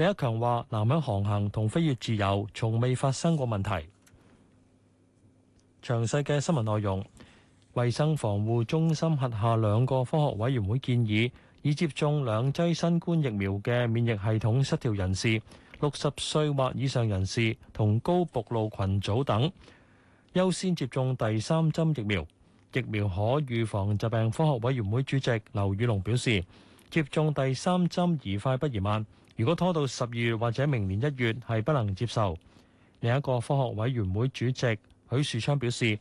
李克強話，南向航行同飛越自由從未發生過問題。詳細嘅新聞內容，衛生防護中心轄下兩個科學委員會建議，已接種兩劑新冠疫苗嘅免疫系統失調人士、六十歲或以上人士同高暴露群組等，優先接種第三針疫苗。疫苗可預防疾病科學委員會主席劉宇龍表示，接種第三針宜快不宜慢。如果拖到十二月或者明年一月，係不能接受。另一個科學委員會主席許樹昌表示，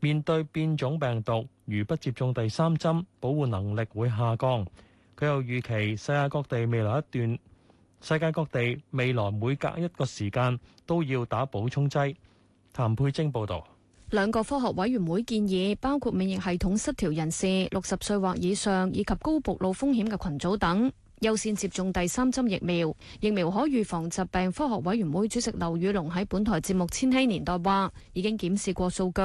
面對變種病毒，如不接種第三針，保護能力會下降。佢又預期世界各地未來一段，世界各地未來每隔一個時間都要打補充劑。譚佩晶報導，兩個科學委員會建議包括免疫系統失調人士、六十歲或以上，以及高暴露風險嘅羣組等，優先接種第三針疫苗，疫苗可預防疾病科學委員會主席劉宇龍喺本台節目《千禧年代》話，已經檢視過數據，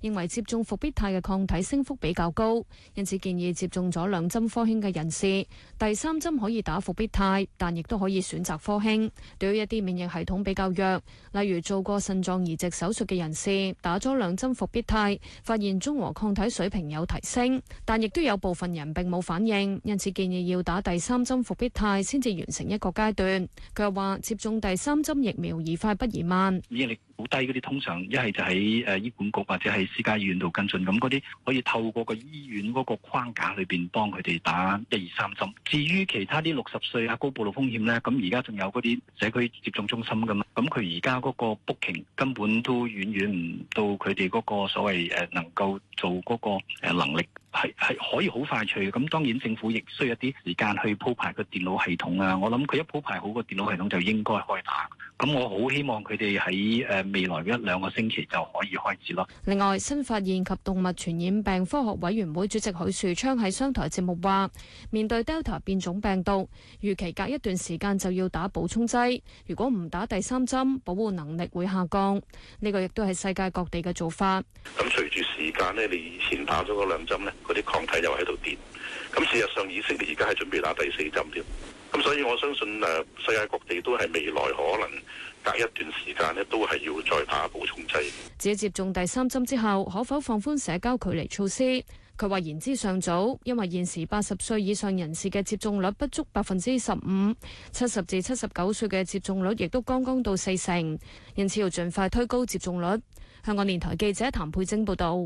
認為接種復必泰嘅抗體升幅比較高，因此建議接種咗兩針科興嘅人士，第三針可以打復必泰，但亦都可以選擇科興。對於一啲免疫系統比較弱，例如做過腎臟移植手術嘅人士，打咗兩針復必泰，發現中和抗體水平有提升，但亦都有部分人並冇反應，因此建議要打第三針。心復必泰，先至完成一個階段。佢又話：接種第三針疫苗，宜快不宜慢。 好低嗰啲通常一係就喺誒醫管局或者喺私家醫院度跟進，咁嗰啲可以透過個醫院嗰個框架裏邊幫佢哋打一二三針。至於其他啲六十歲啊高暴露風險咧，咁而家仲有嗰啲社區接種中心噶嘛，咁佢而家嗰個 booking 根本都遠遠唔到佢哋嗰個所謂誒能夠做嗰個誒能力，係係可以好快脆嘅。咁當然政府亦需要一啲時間去鋪排個電腦系統啊。我諗佢一鋪排好個電腦系統就應該開打。咁我好希望佢哋喺誒。呃未來一兩個星期就可以開始咯。另外，新發現及動物傳染病科學委員會主席許樹昌喺商台節目話：面對 Delta 變種病毒，預期隔一段時間就要打補充劑。如果唔打第三針，保護能力會下降。呢個亦都係世界各地嘅做法。咁隨住時間咧，你以前打咗嗰兩針，嗰啲抗體又喺度跌。咁事實上，以色列而家係準備打第四針添。咁所以，我相信誒世界各地都係未來可能隔一段時間咧，都係要再打補充劑，只接種第三針之後，可否放寬社交距離措施？佢話言之尚早，因為現時八十歲以上人士嘅接種率不足百分之十五，七十至七十九歲嘅接種率亦都剛剛到四成，因此要盡快推高接種率。香港電台記者譚佩晶報道。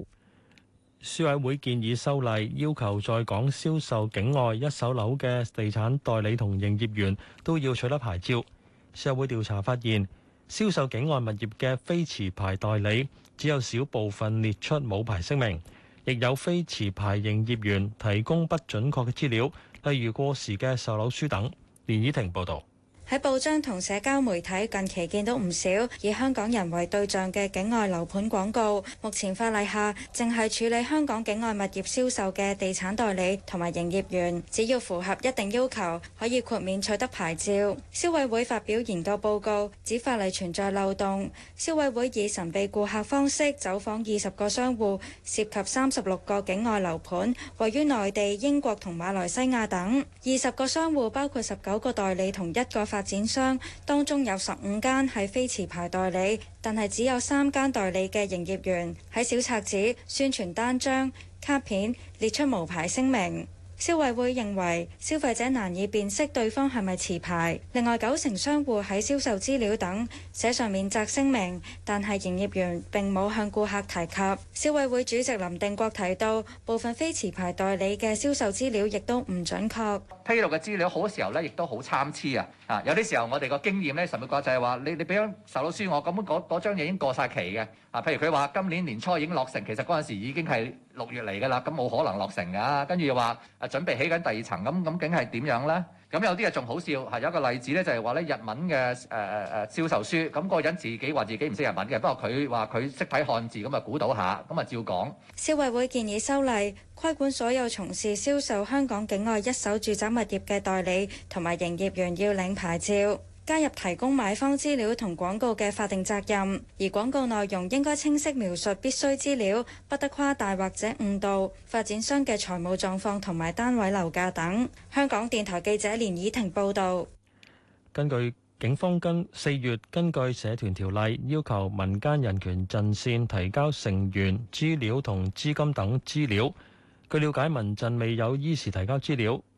消委會建議修例，要求在港銷售境外一手樓嘅地產代理同營業員都要取得牌照。社會調查發現，銷售境外物業嘅非持牌代理只有少部分列出冇牌聲明，亦有非持牌營業員提供不準確嘅資料，例如過時嘅售樓書等。連以婷報道。喺報章同社交媒體近期見到唔少以香港人為對象嘅境外樓盤廣告。目前法例下，淨係處理香港境外物業銷售嘅地產代理同埋營業員，只要符合一定要求，可以豁免取得牌照。消委會發表研究報告，指法例存在漏洞。消委會以神秘顧客方式走訪二十個商戶，涉及三十六個境外樓盤，位於內地、英國同馬來西亞等。二十個商戶包括十九個代理同一個發發展商當中有十五間係非持牌代理，但係只有三間代理嘅營業員喺小冊子、宣傳單張、卡片列出無牌聲明。消委會認為消費者難以辨識對方係咪持牌。另外九成商戶喺銷售資料等寫上免責聲明，但係營業員並冇向顧客提及。消委會主席林定國提到，部分非持牌代理嘅銷售資料亦都唔準確，披露嘅資料好多時候呢亦都好參差啊。啊！有啲時候我哋個經驗咧，神秘講就係話，你你俾張售樓書我，咁嗰嗰張嘢已經過晒期嘅。啊，譬如佢話今年年初已經落成，其實嗰陣時已經係六月嚟㗎啦，咁冇可能落成㗎。跟住又話準備起緊第二層，咁咁竟係點樣咧？咁有啲嘅仲好笑，係有一個例子咧，就係話咧日文嘅誒誒誒銷售書，咁個人自己話自己唔識日文嘅，不過佢話佢識睇漢字，咁啊估到下，咁啊照講。消委會建議修例規管所有從事銷售香港境外一手住宅物業嘅代理同埋營業員要領牌照。加入提供買方資料同廣告嘅法定責任，而廣告內容應該清晰描述必須資料，不得誇大或者誤導發展商嘅財務狀況同埋單位樓價等。香港電台記者連倚婷報道。根據警方跟四月根據社團條例要求民間人權陣線提交成員資料同資金等資料，據了解民陣未有依時提交資料。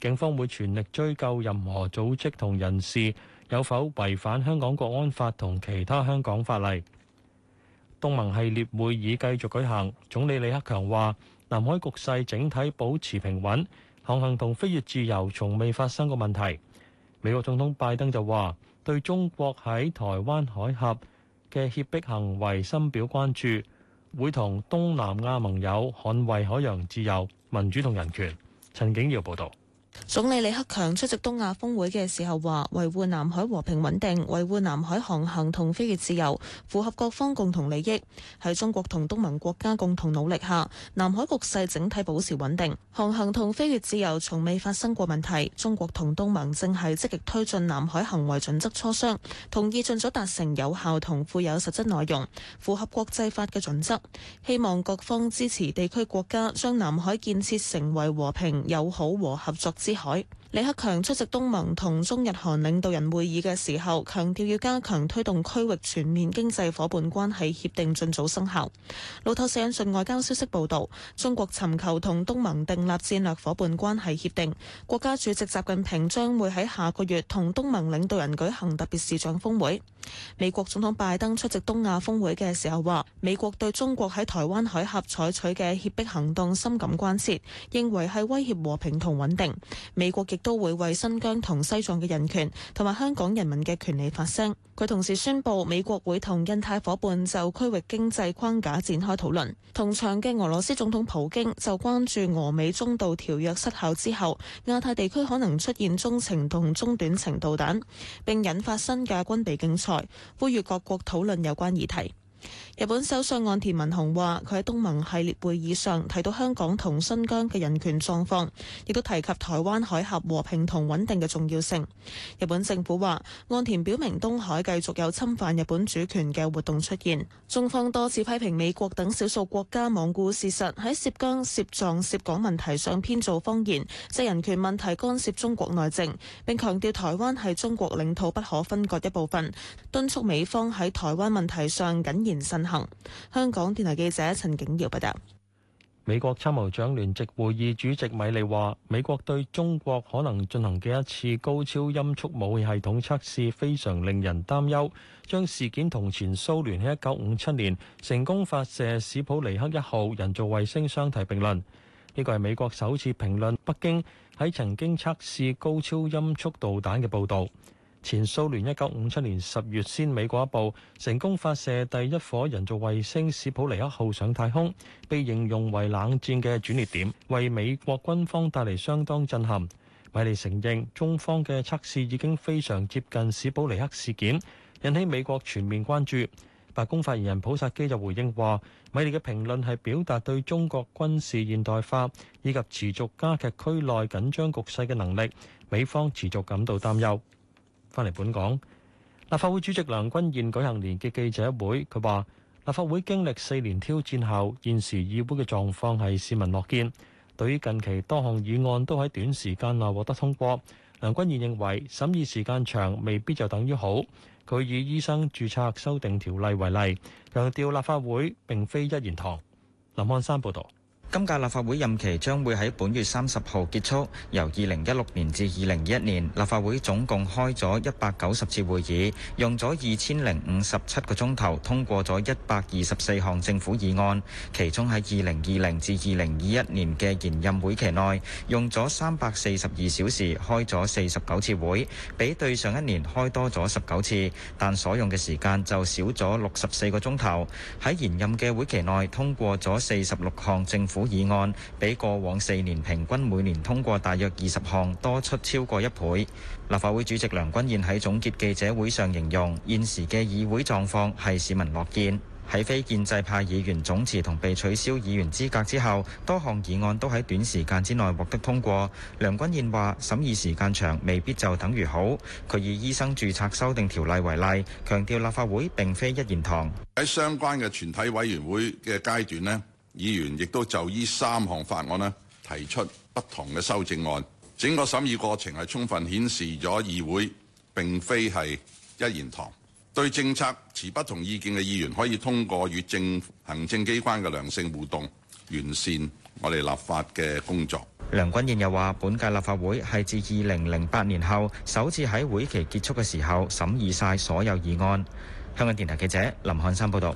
警方會全力追究任何組織同人士有否違反香港國安法同其他香港法例。東盟系列會議繼續舉行，總理李克強話：南海局勢整體保持平穩，航行同飛越自由從未發生過問題。美國總統拜登就話對中國喺台灣海峽嘅脅迫行為深表關注，會同東南亞盟友捍衛海洋自由、民主同人權。陳景耀報導。總理李克強出席東亞峰會嘅時候話：維護南海和平穩定，維護南海航行同飛越自由，符合各方共同利益。喺中國同東盟國家共同努力下，南海局勢整體保持穩定，航行同飛越自由從未發生過問題。中國同東盟正係積極推進南海行為準則磋商，同意盡早達成有效同富有實質內容、符合國際法嘅準則。希望各方支持地區國家將南海建設成為和平、友好和合作之海。李克強出席東盟同中日韓領導人會議嘅時候，強調要加強推動區域全面經濟伙伴關係協定盡早生效。路透社引述外交消息報道，中國尋求同東盟訂立戰略伙伴關係協定。國家主席習近平將會喺下個月同東盟領導人舉行特別視像峰會。美國總統拜登出席東亞峰會嘅時候話，美國對中國喺台灣海峽採取嘅脅迫行動深感關切，認為係威脅和平同穩定。美國極都會為新疆同西藏嘅人權同埋香港人民嘅權利發聲。佢同時宣布，美國會同印太伙伴就區域經濟框架展開討論。同場嘅俄羅斯總統普京就關注俄美中導條約失效之後，亞太地區可能出現中程同中短程導彈，並引發新嘅軍備競賽，呼籲各國討論有關議題。日本首相岸田文雄話，佢喺東盟系列會議上提到香港同新疆嘅人權狀況，亦都提及台灣海峽和平同穩定嘅重要性。日本政府話，岸田表明東海繼續有侵犯日本主權嘅活動出現。中方多次批評美國等少數國家罔顧事實，喺涉疆、涉藏、涉港問題上編造謊言，借人權問題干涉中國內政。並強調台灣係中國領土不可分割一部分，敦促美方喺台灣問題上謹言慎進行香港電台記者陳景瑤報道。美國參謀長聯席會議主席米利話，美國對中國可能進行嘅一次高超音速武器系統測試非常令人擔憂，將事件同前蘇聯喺一九五七年成功發射史普尼克一號人造衛星相提並論，呢個係美國首次評論北京喺曾經測試高超音速導彈嘅報道。前蘇聯一九五七年十月先美國一步，成功發射第一顆人造衛星史普尼克號上太空，被形容為冷戰嘅轉捩點，為美國軍方帶嚟相當震撼。米利承認中方嘅測試已經非常接近史普尼克事件，引起美國全面關注。白宮發言人普薩基就回應話，米利嘅評論係表達對中國軍事現代化以及持續加劇區內緊張局勢嘅能力，美方持續感到擔憂。翻嚟本港，立法會主席梁君彥舉行年結記者會，佢話：立法會經歷四年挑戰後，現時議會嘅狀況係市民樂見。對於近期多項議案都喺短時間內獲得通過，梁君彥認為審議時間長未必就等於好。佢以醫生註冊修訂條例為例，強調立法會並非一言堂。林漢山報導。今屆立法會任期將會喺本月三十號結束，由二零一六年至二零二一年，立法會總共開咗一百九十次會議，用咗二千零五十七個鐘頭，通過咗一百二十四項政府議案。其中喺二零二零至二零二一年嘅延任會期內，用咗三百四十二小時，開咗四十九次會，比對上一年開多咗十九次，但所用嘅時間就少咗六十四個鐘頭。喺延任嘅會期內，通過咗四十六項政府議案比過往四年平均每年通過大約二十項，多出超過一倍。立法會主席梁君彥喺總結記者會上形容，現時嘅議會狀況係市民樂見。喺非建制派議員總辭同被取消議員資格之後，多項議案都喺短時間之內獲得通過。梁君彥話審議時間長未必就等於好，佢以醫生註冊修訂條例為例，強調立法會並非一言堂。喺相關嘅全體委員會嘅階段呢。議員亦都就依三項法案呢，提出不同嘅修正案，整個審議過程係充分顯示咗議會並非係一言堂。對政策持不同意見嘅議員可以通過與政行政機關嘅良性互動，完善我哋立法嘅工作。梁君彥又話，本屆立法會係自2008年後首次喺會期結束嘅時候審議晒所有議案。香港電台記者林漢山報道。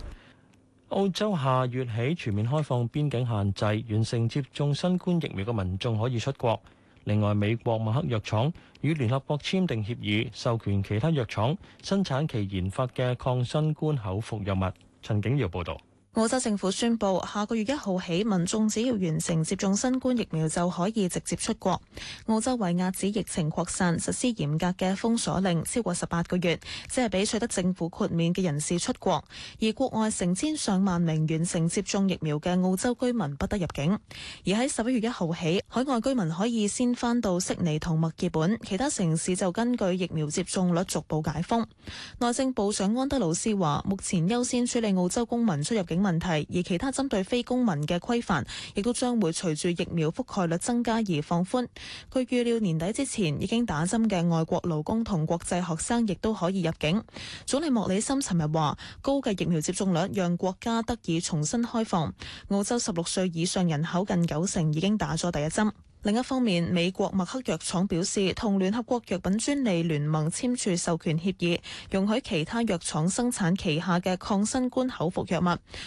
澳洲下月起全面開放邊境限制，完成接種新冠疫苗嘅民眾可以出國。另外，美國默克藥廠與聯合國簽訂協議，授權其他藥廠生產其研發嘅抗新冠口服藥物。陳景瑤報道。澳洲政府宣佈，下個月一號起，民眾只要完成接種新冠疫苗就可以直接出國。澳洲為遏止疫情擴散，實施嚴格嘅封鎖令超過十八個月，即係俾取得政府豁免嘅人士出國。而國外成千上萬名完成接種疫苗嘅澳洲居民不得入境。而喺十一月一號起，海外居民可以先返到悉尼同墨爾本，其他城市就根據疫苗接種率逐步解封。內政部長安德魯斯話：目前優先處理澳洲公民出入境。問題，而其他針對非公民嘅規範，亦都將會隨住疫苗覆蓋率增加而放寬。據預料，年底之前已經打針嘅外國勞工同國際學生，亦都可以入境。總理莫里森尋日話，高嘅疫苗接種率讓國家得以重新開放。澳洲十六歲以上人口近九成已經打咗第一針。另一方面，美國默克藥廠表示，同聯合國藥品專利聯盟簽署授權協議，容許其他藥廠生產旗下嘅抗新冠口服藥物，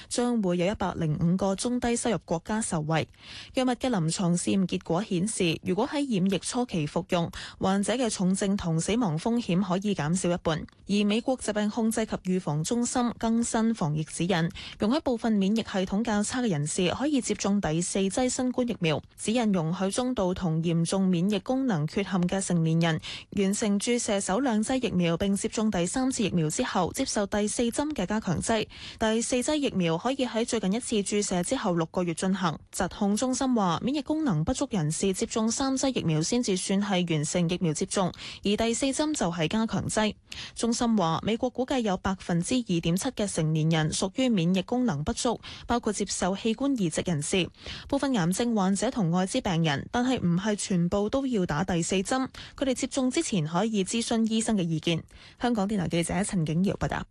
將會有一百零五個中低收入國家受惠。藥物嘅臨床試驗結果顯示，如果喺染疫初期服用，患者嘅重症同死亡風險可以減少一半。而美國疾病控制及預防中心更新防疫指引，容許部分免疫系統較差嘅人士可以接種第四劑新冠疫苗，指引容許中，中度同嚴重免疫功能缺陷嘅成年人，完成注射首兩劑疫苗並接種第三次疫苗之後，接受第四針嘅加強劑。第四劑疫苗可以喺最近一次注射之後六個月進行。疾控中心話，免疫功能不足人士接種三劑疫苗先至算係完成疫苗接種，而第四針就係加強劑。中心話，美國估計有百分之二點七嘅成年人屬於免疫功能不足，包括接受器官移植人士、部分癌症患者同艾滋病人。但係唔係全部都要打第四針，佢哋接種之前可以諮詢醫生嘅意見。香港電台記者陳景瑤報道：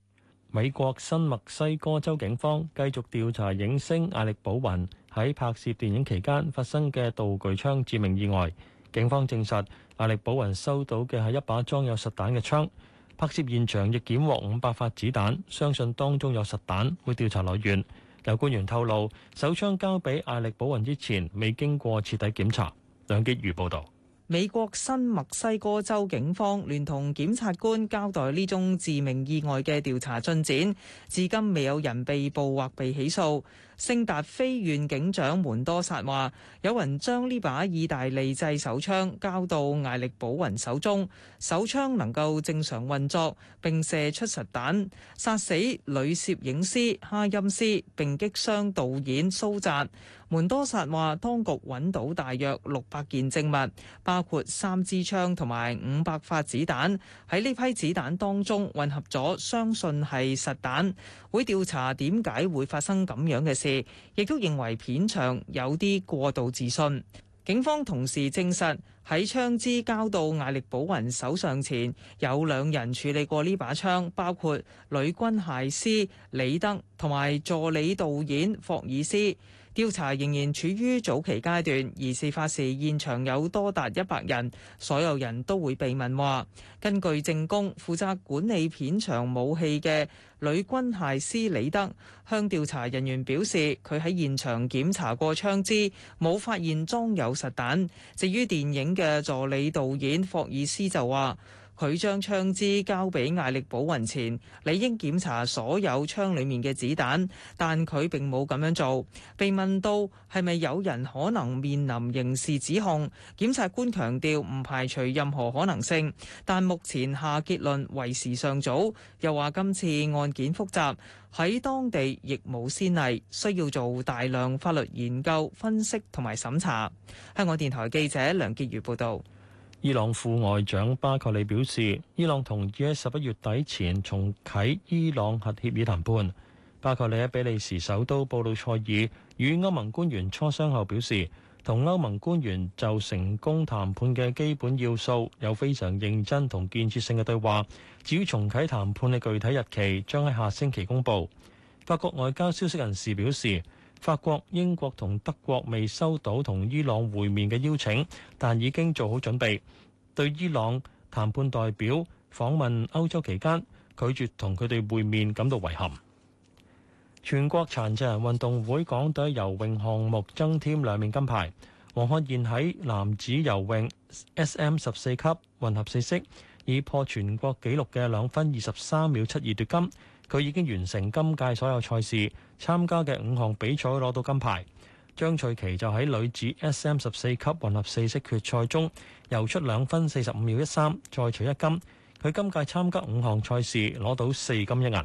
美國新墨西哥州警方繼續調查影星艾力寶雲喺拍攝電影期間發生嘅道具槍致命意外。警方證實艾力寶雲收到嘅係一把裝有實彈嘅槍。拍攝現場亦檢獲五百發子彈，相信當中有實彈，會調查來源。有官員透露，手槍交俾艾力寶雲之前，未經過徹底檢查。梁傑如報導。美國新墨西哥州警方聯同檢察官交代呢宗致命意外嘅調查進展，至今未有人被捕或被起訴。聖達菲縣警長門多薩話，有人將呢把意大利製手槍交到艾力保雲手中，手槍能夠正常運作，並射出實彈，殺死女攝影師哈欽斯，並擊傷導演蘇澤。門多薩話：當局揾到大約六百件證物，包括三支槍同埋五百發子彈。喺呢批子彈當中混合咗，相信係實彈。會調查點解會發生咁樣嘅事，亦都認為片場有啲過度自信。警方同時證實喺槍支交到艾力保雲手上前，有兩人處理過呢把槍，包括女軍械師李德同埋助理導演霍爾斯。調查仍然處於早期階段，而事發時現場有多達一百人，所有人都會被問話。根據證供，負責管理片場武器嘅女軍械師李德向調查人員表示，佢喺現場檢查過槍支，冇發現裝有實彈。至於電影嘅助理導演霍爾斯就話。佢將槍支交俾艾力保雲前，理應檢查所有槍裡面嘅子彈，但佢並冇咁樣做。被問到係咪有人可能面臨刑事指控，檢察官強調唔排除任何可能性，但目前下結論為時尚早。又話今次案件複雜，喺當地亦冇先例，需要做大量法律研究、分析同埋審查。香港電台記者梁潔如報道。伊朗副外長巴克里表示，伊朗同意喺十一月底前重啟伊朗核協議談判。巴克里喺比利時首都布魯塞爾與歐盟官員磋商後表示，同歐盟官員就成功談判嘅基本要素有非常認真同建設性嘅對話，至於重啟談判嘅具體日期，將喺下星期公布。法國外交消息人士表示。法國、英國同德國未收到同伊朗會面嘅邀請，但已經做好準備。對伊朗談判代表訪問歐洲期間拒絕同佢哋會面感到遺憾。全國殘疾人運動會港隊游泳項目增添兩面金牌。黃漢賢喺男子游泳 SM 十四級混合四式以破全國紀錄嘅兩分二十三秒七二奪金。佢已經完成今屆所有賽事。參加嘅五項比賽攞到金牌，張翠琪就喺女子 SM 十四級混合四式決賽中，游出兩分四十五秒一三，再取一金。佢今屆參加五項賽事攞到四金一銀。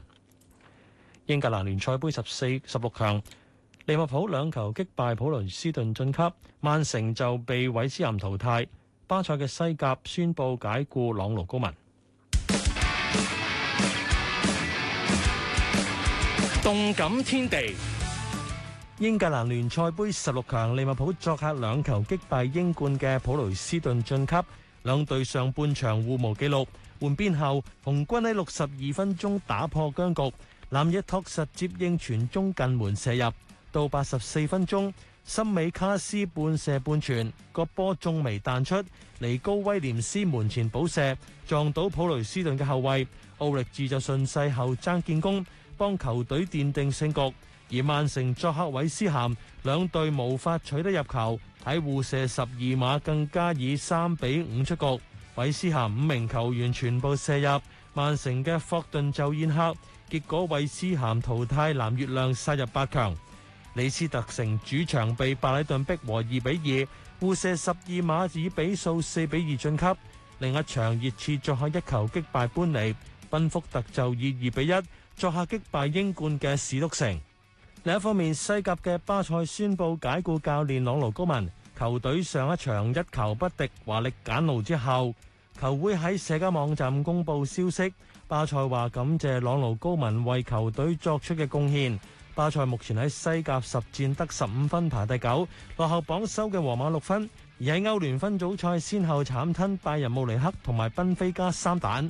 英格蘭聯賽杯十四十六強，利物浦兩球擊敗普雷斯頓晉級，曼城就被韋斯咸淘汰。巴塞嘅西甲宣布解雇朗奴高文。動感天地，英格蘭聯賽杯十六強，利物浦作客兩球擊敗英冠嘅普雷斯頓晉級。兩隊上半場互無紀錄，換邊後紅軍喺六十二分鐘打破僵局，南野拓實接應傳中近門射入。到八十四分鐘，森美卡斯半射半傳，個波仲未彈出，尼高威廉斯門前補射，撞到普雷斯頓嘅後衛，奧力治就順勢後爭建功。幫球隊奠定勝局，而曼城作客韋斯咸，兩隊無法取得入球，喺互射十二碼更加以三比五出局。韋斯咸五名球員全部射入，曼城嘅霍頓就宴客，結果韋斯咸淘汰藍月亮殺入八強。李斯特城主場被白禮頓逼和二比二，互射十二碼以比數四比二晉級。另一場熱刺作客一球擊敗搬尼賓福特，就以二比一。作客擊敗英冠嘅史篤城。另一方面，西甲嘅巴塞宣布解雇教練朗奴高文，球隊上一場一球不敵華力簡奴之後，球會喺社交網站公布消息。巴塞話感謝朗奴高文為球隊作出嘅貢獻。巴塞目前喺西甲十戰得十五分排第九，落後榜首嘅皇馬六分，而喺歐聯分組賽先後慘吞拜仁慕尼黑同埋賓菲加三蛋。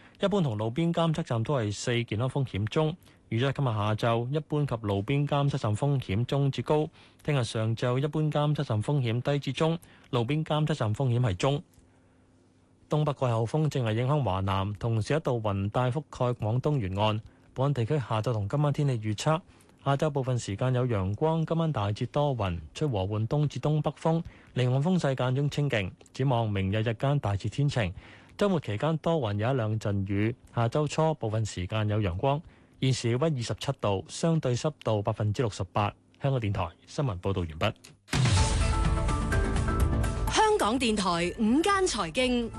一般同路邊監測站都係四健康風險中，預咗今日下晝一般及路邊監測站風險中至高，聽日上晝一般監測站風險低至中，路邊監測站風險係中。東北季候風正係影響華南，同時一道雲帶覆蓋廣東沿岸。本地區下晝同今晚天氣預測，下晝部分時間有陽光，今晚大致多雲，吹和緩東至東北風，離岸風勢間中清勁，展望明日日間大致天晴。周末期間多雲，有一兩陣雨。下周初部分時間有陽光。現時温二十七度，相對濕度百分之六十八。香港電台新聞報道完畢。香港電台午間財經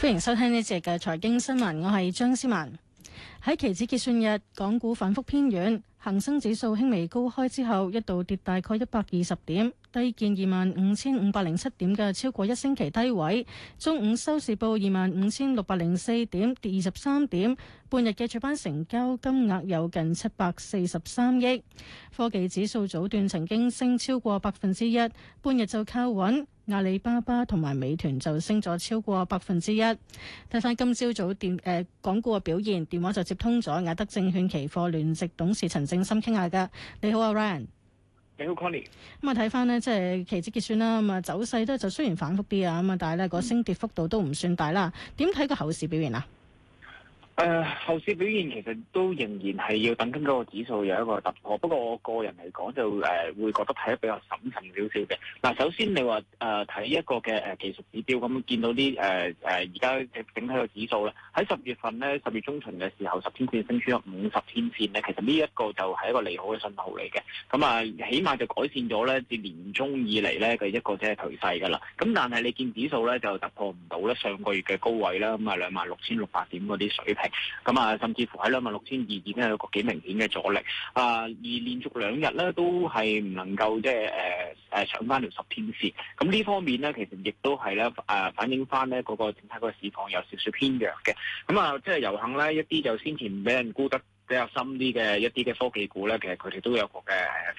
歡迎收聽呢節嘅財經新聞，我係張思文。喺期指結算日，港股反覆偏軟，恒生指數輕微高開之後一度跌大概一百二十點。低見二萬五千五百零七點嘅超過一星期低位，中午收市報二萬五千六百零四點，跌二十三點。半日嘅主板成交金額有近七百四十三億。科技指數早段曾經升超過百分之一，半日就靠穩。阿里巴巴同埋美團就升咗超過百分之一。睇翻今朝早電誒港股嘅表現，電話就接通咗亞德證券期貨聯席董事陳正心傾下噶。你好啊，Ryan。Ryan 你好，Conny。咁啊，睇返咧，即係期指結算啦。咁啊，走勢咧就雖然反覆啲啊，咁啊，但係咧個升跌幅度都唔算大啦。點睇個後市表現啊？誒後市表現其實都仍然係要等緊嗰個指數有一個突破，不過我個人嚟講就誒、呃、會覺得睇得比較審慎少少嘅。嗱，首先你話誒睇一個嘅誒技術指標，咁見到啲誒誒而家整體個指數咧，喺十月份咧十月中旬嘅時候，十天線升出咗五十天線咧，其實呢一個就係一個利好嘅信號嚟嘅。咁啊，起碼就改善咗咧至年中以嚟咧嘅一個即係頹勢㗎啦。咁但係你見指數咧就突破唔到咧上個月嘅高位啦，咁啊，兩萬六千六百點嗰啲水平。咁啊、嗯，甚至乎喺兩萬六千二已經有個幾明顯嘅阻力啊、呃，而連續兩日咧都係唔能夠即係誒誒搶翻條十天線。咁、嗯、呢方面咧，其實亦都係咧誒反映翻咧嗰個整體個市況有少少偏弱嘅。咁、嗯、啊、呃，即係遊行咧，一啲就先前俾人沽得比較深啲嘅一啲嘅科技股咧，其實佢哋都有個嘅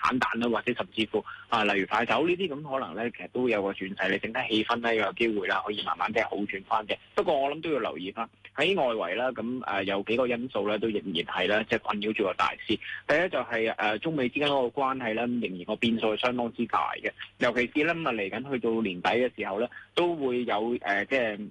反彈啦，或者甚至乎啊，例如快手呢啲咁，可能咧其實都有個轉勢，你整體氣氛咧有機會啦，可以慢慢嘅好轉翻嘅。不過我諗都要留意啦，喺外圍啦，咁誒有幾個因素咧都仍然係啦，即係困擾住個大市。第一就係誒中美之間嗰個關係咧，仍然個變數係相當之大嘅，尤其是咧啊嚟緊去到年底嘅時候咧，都會有誒即係。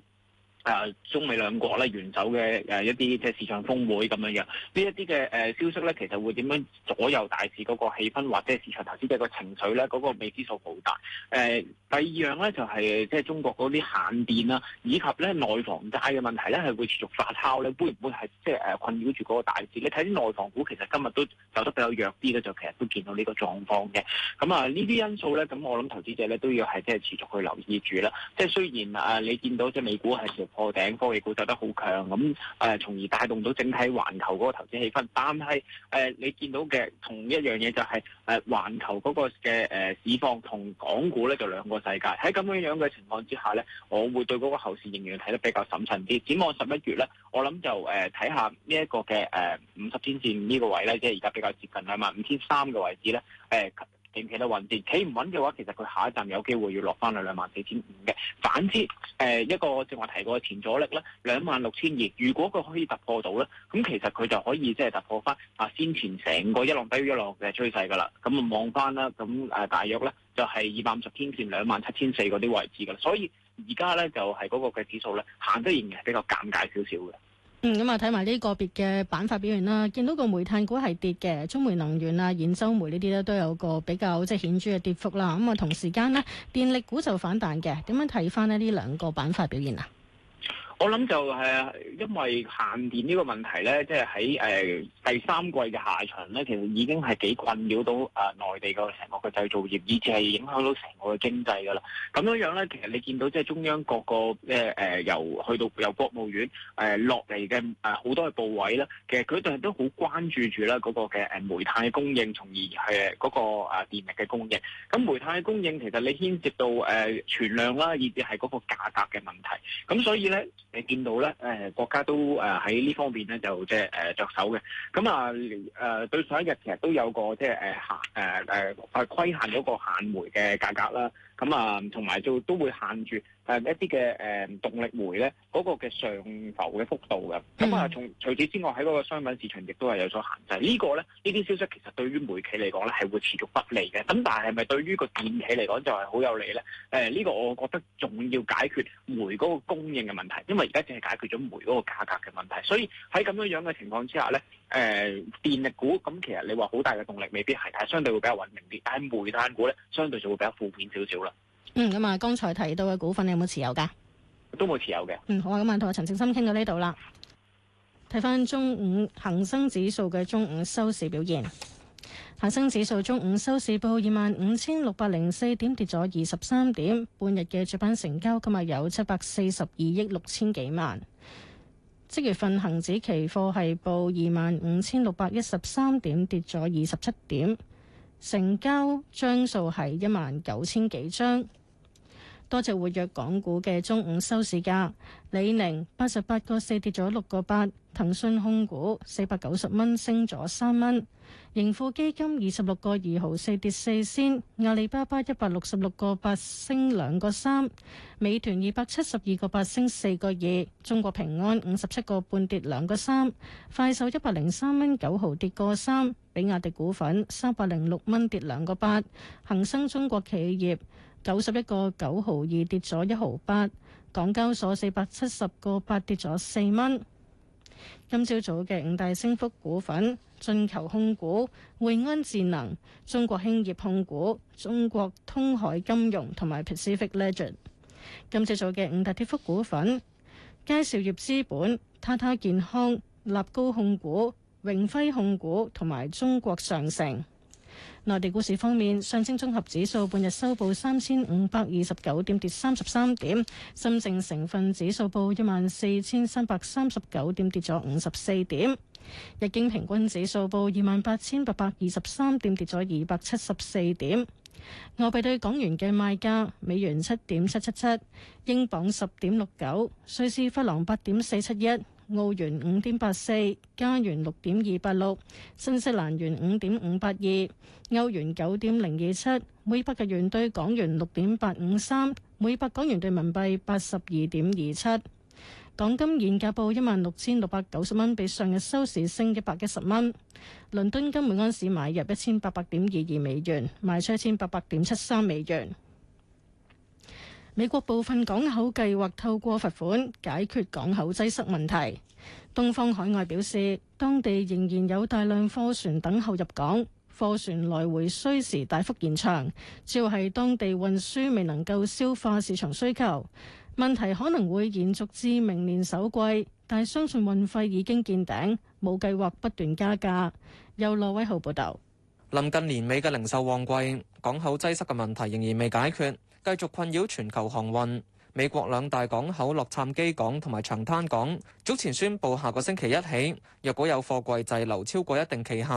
啊，中美兩國咧元首嘅誒一啲即係市場峰會咁樣樣，呢一啲嘅誒消息咧，其實會點樣左右大市嗰個氣氛或者市場投資者個情緒咧？嗰、那個未知數好大。誒、呃，第二樣咧就係即係中國嗰啲限電啦，以及咧內房債嘅問題咧，係會持續發酵咧，會唔會係即係誒困擾住嗰個大市？你睇啲內房股其實今日都走得比較弱啲咧，就其實都見到呢個狀況嘅。咁、嗯、啊，呢啲因素咧，咁我諗投資者咧都要係即係持續去留意住啦。即係雖然啊，你見到即係美股係破頂科技股走得好強，咁誒，從而帶動到整體環球嗰個投資氣氛。但係誒，你見到嘅同一樣嘢就係、是、誒，環球嗰個嘅誒市況同港股咧就兩個世界。喺咁樣樣嘅情況之下咧，我會對嗰個後市仍然睇得比較審慎啲。展望十一月咧，我諗就誒睇下呢一個嘅誒五十天線呢個位咧，即係而家比較接近兩萬五千三嘅位置咧，誒、呃。企得穩啲企唔穩嘅話，其實佢下一站有機會要落翻去兩萬四千五嘅。反之，誒、呃、一個正話提過嘅前阻力咧，兩萬六千二，如果佢可以突破到咧，咁其實佢就可以即係突破翻啊先前成個一浪低於一浪嘅趨勢㗎啦。咁、嗯嗯、啊望翻啦，咁誒大約咧就係二百五十天線兩萬七千四嗰啲位置㗎。所以而家咧就係、是、嗰個嘅指數咧行得仍然係比較尷尬少少嘅。咁啊，睇埋呢個別嘅板塊表現啦，見到個煤炭股係跌嘅，中煤能源啊、兗州煤呢啲咧都有個比較即係、就是、顯著嘅跌幅啦。咁、嗯、啊，同時間呢，電力股就反彈嘅。點樣睇翻呢？呢兩個板塊表現啊？我諗就係因為限電呢個問題咧，即係喺誒第三季嘅下場咧，其實已經係幾困擾到誒、呃、內地個成個嘅製造業，以至係影響到成個嘅經濟噶啦。咁樣樣咧，其實你見到即係中央各個即係誒由去到由國務院誒落嚟嘅誒好多嘅部委咧，其實佢哋都好關注住啦嗰個嘅誒煤炭嘅供,供應，從而係嗰個誒電力嘅供應。咁煤炭嘅供應其實你牽涉到誒存、呃、量啦，以至係嗰個價格嘅問題。咁所以咧。你見到咧，誒、呃、國家都誒喺呢方面咧就即係誒着手嘅，咁啊誒對上一日其實都有個即係誒限誒誒誒規限嗰個限煤嘅價格啦。咁啊，同埋、嗯、就都會限住誒一啲嘅誒動力煤咧嗰、那個嘅上浮嘅幅度嘅。咁啊，從除此之外，喺嗰個商品市場亦都係有所限制。這個、呢個咧，呢啲消息其實對於煤企嚟講咧係會持續不利嘅。咁但係係咪對於個電企嚟講就係好有利咧？誒、呃，呢、這個我覺得仲要解決煤嗰個供應嘅問題，因為而家淨係解決咗煤嗰個價格嘅問題。所以喺咁樣樣嘅情況之下咧，誒、呃、電力股咁其實你話好大嘅動力未必係，但係相對會比較穩定啲。但係煤炭股咧，相對就會比較負面少少。 嗯，咁啊，剛才提到嘅股份，你有冇持有噶？都冇持有嘅 嗯，好啊，咁、嗯、啊，同阿陳正深傾到呢度啦。睇翻中午恒生指數嘅中午收市表現，恒生指數中午收市報二萬五千六百零四點，跌咗二十三點。半日嘅主板成交今日有七百四十二億六千幾萬。即月份恒指期、期貨係報二萬五千六百一十三點，跌咗二十七點。成交張數係一萬九千幾張，多隻活躍港股嘅中午收市價，李寧八十八個四跌咗六個八，騰訊控股四百九十蚊升咗三蚊。盈富基金二十六個二毫四跌四仙，阿里巴巴一百六十六個八升兩個三，美團二百七十二個八升四個二，中國平安五十七個半跌兩個三，快手一百零三蚊九毫跌個三，比亞迪股份三百零六蚊跌兩個八，恒生中國企業九十一個九毫二跌咗一毫八，港交所四百七十個八跌咗四蚊。老闆 öyle itution 今朝早嘅五大升幅股份：進球控股、匯安智能、中國興業控股、中國通海金融同埋 Pacific Legend。今朝早嘅五大跌幅股份：佳兆業資本、塔塔健康、立高控股、榮輝控股同埋中國上城。內地股市方面，上證綜合指數半日收報三千五百二十九點，跌三十三點；深證成分指數報一萬四千三百三十九點，跌咗五十四點；日經平均指數報二萬八千八百二十三點，跌咗二百七十四點。外幣兌港元嘅賣價：美元七點七七七，英鎊十點六九，瑞士法郎八點四七一。澳元五點八四，加元六點二八六，新西蘭元五點五八二，歐元九點零二七，每百日元兌港元六點八五三，每百港元兌人民幣八十二點二七。港金現價報一萬六千六百九十蚊，比上日收市升一百一十蚊。倫敦金每安士買入一千八百點二二美元，賣出一千八百點七三美元。美國部分港口計劃透過罰款解決港口擠塞問題。東方海外表示，當地仍然有大量貨船等候入港，貨船來回需時大幅延長，主要係當地運輸未能夠消化市場需求。問題可能會延續至明年首季，但相信運費已經見頂，冇計劃不斷加價。由諾威豪報道。臨近年尾嘅零售旺季，港口擠塞嘅問題仍然未解決。繼續困擾全球航運。美國兩大港口洛杉磯港同埋長灘港早前宣布，下個星期一起，若果有貨櫃滯留超過一定期限，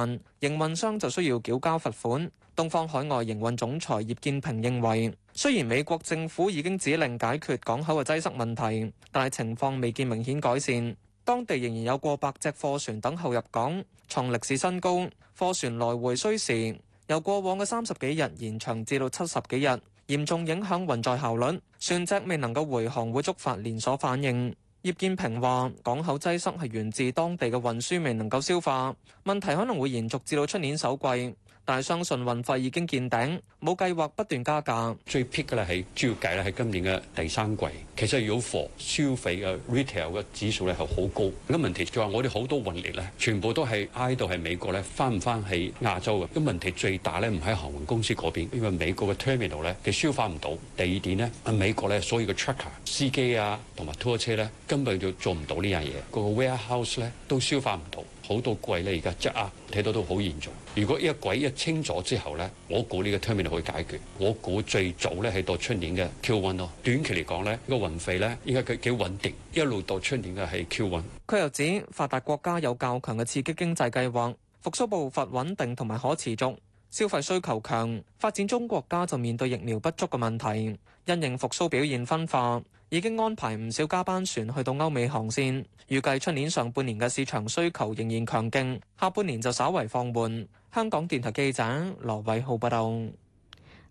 營運商就需要繳交罰款。東方海外營運總裁葉建平認為，雖然美國政府已經指令解決港口嘅擠塞問題，但係情況未見明顯改善。當地仍然有過百隻貨船等候入港，創歷史新高。貨船來回需時由過往嘅三十幾日延長至到七十幾日。嚴重影響運載效率，船隻未能夠回航會觸發連鎖反應。葉建平話：港口擠塞係源自當地嘅運輸未能夠消化，問題可能會延續至到出年首季。但係相信運費已經見頂，冇計劃不斷加價。 最 peak 嘅咧係主要計咧係今年嘅第三季。其實有貨消費嘅、啊、retail 嘅指數咧係好高。咁問題就係我哋好多運力咧，全部都係挨到喺美國咧，返唔返喺亞洲嘅？咁問題最大咧唔喺航運公司嗰邊，因為美國嘅 terminal 咧佢消化唔到。第二點咧，美國咧所有嘅 trucker 司機啊同埋拖車咧根本就做唔到呢樣嘢，嗰個 warehouse 咧都消化唔到。好多貴咧，而家質啊，睇到都好嚴重。如果呢個鬼一清咗之後咧，我估呢個 t i m 個趨可以解決，我估最早咧係到春年嘅 Q one 咯。短期嚟講咧，呢個運費咧依家佢幾穩定，一路到春年嘅係 Q one。佢又指，發達國家有較強嘅刺激經濟計劃，復蘇步伐穩定同埋可持續消費需求強，發展中國家就面對疫苗不足嘅問題，因應復蘇表現分化。已經安排唔少加班船去到歐美航線，預計出年上半年嘅市場需求仍然強勁，下半年就稍為放緩。香港電台記者羅偉浩報道。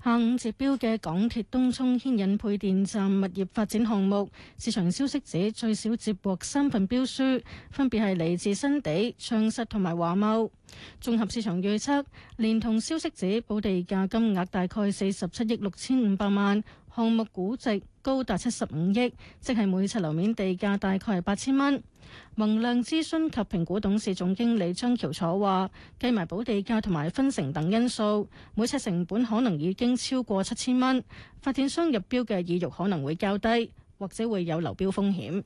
下午截標嘅港鐵東涌牽引配電站物業發展項目，市場消息指最少接獲三份標書，分別係嚟自新地、長實同埋華懋。綜合市場預測，連同消息指補地價金額大概四十七億六千五百萬。項目估值高達七十五億，即係每尺樓面地價大概係八千蚊。蒙亮諮詢及評估董事總經理張橋楚話，計埋補地價同埋分成等因素，每尺成本可能已經超過七千蚊。發展商入標嘅意欲可能會較低，或者會有流標風險。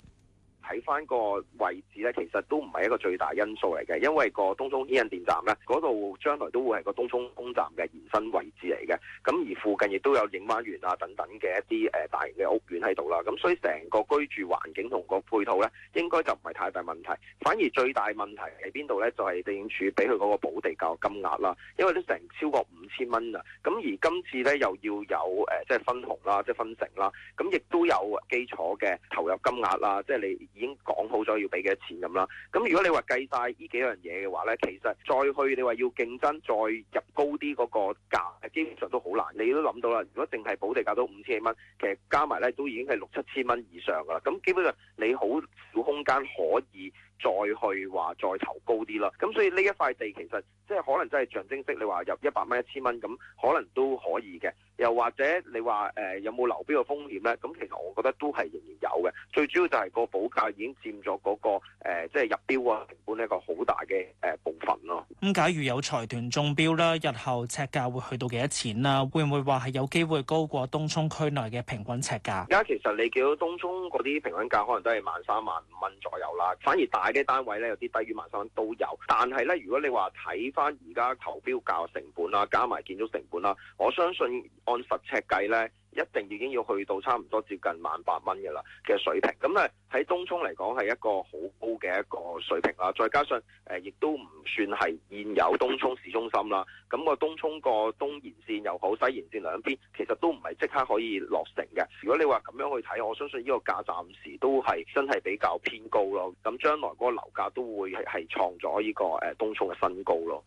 睇翻個位置咧，其實都唔係一個最大因素嚟嘅，因為個東涌伊人電站咧，嗰度將來都會係個東涌東站嘅延伸位置嚟嘅。咁而附近亦都有映灣園啊等等嘅一啲誒大型嘅屋苑喺度啦。咁所以成個居住環境同個配套咧，應該就唔係太大問題。反而最大問題喺邊度咧？就係、是、地政署俾佢嗰個補地價金額啦。因為都成超過五千蚊啊。咁而今次咧又要有誒，即、呃、係、就是、分紅啦，即、就、係、是、分成啦。咁亦都有基礎嘅投入金額啦，即、就、係、是、你。已經講好咗要俾幾多錢咁啦，咁如果你話計晒呢幾樣嘢嘅話呢，其實再去你話要競爭再入高啲嗰個價，基本上都好難。你都諗到啦，如果淨係保地價都五千幾蚊，其實加埋呢都已經係六七千蚊以上噶啦。咁基本上你好少空間可以，再去話再投高啲咯，咁所以呢一塊地其實即係可能真係象徵式你，你話入一百蚊一千蚊咁，可能都可以嘅。又或者你話誒、呃、有冇流標嘅風險呢？咁其實我覺得都係仍然有嘅。最主要就係個保價已經佔咗嗰、嗰個即係、呃就是、入標啊成本一個好大嘅誒部分咯。咁假如有財團中標啦，日後尺價會去到幾多錢啊？會唔會話係有機會高過東涌區內嘅平均尺價？而家其實你見到東涌嗰啲平均價可能都係萬三萬五蚊左右啦，反而大，啲單位咧有啲低於萬三都有，但係咧如果你話睇翻而家投標價成本啦，加埋建築成本啦，我相信按實尺計咧。一定已經要去到差唔多接近萬八蚊嘅啦嘅水平，咁咧喺東涌嚟講係一個好高嘅一個水平啦。再加上誒，亦、呃、都唔算係現有東涌市中心啦。咁、嗰個東涌個東延線又好、西延線兩邊，其實都唔係即刻可以落成嘅。如果你話咁樣去睇，我相信呢個價暫時都係真係比較偏高咯。咁將來嗰個樓價都會係係創咗呢個誒東涌嘅新高咯。